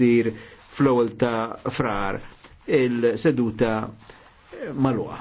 tsir fl-ewwel ta' frar il-seduta malwa.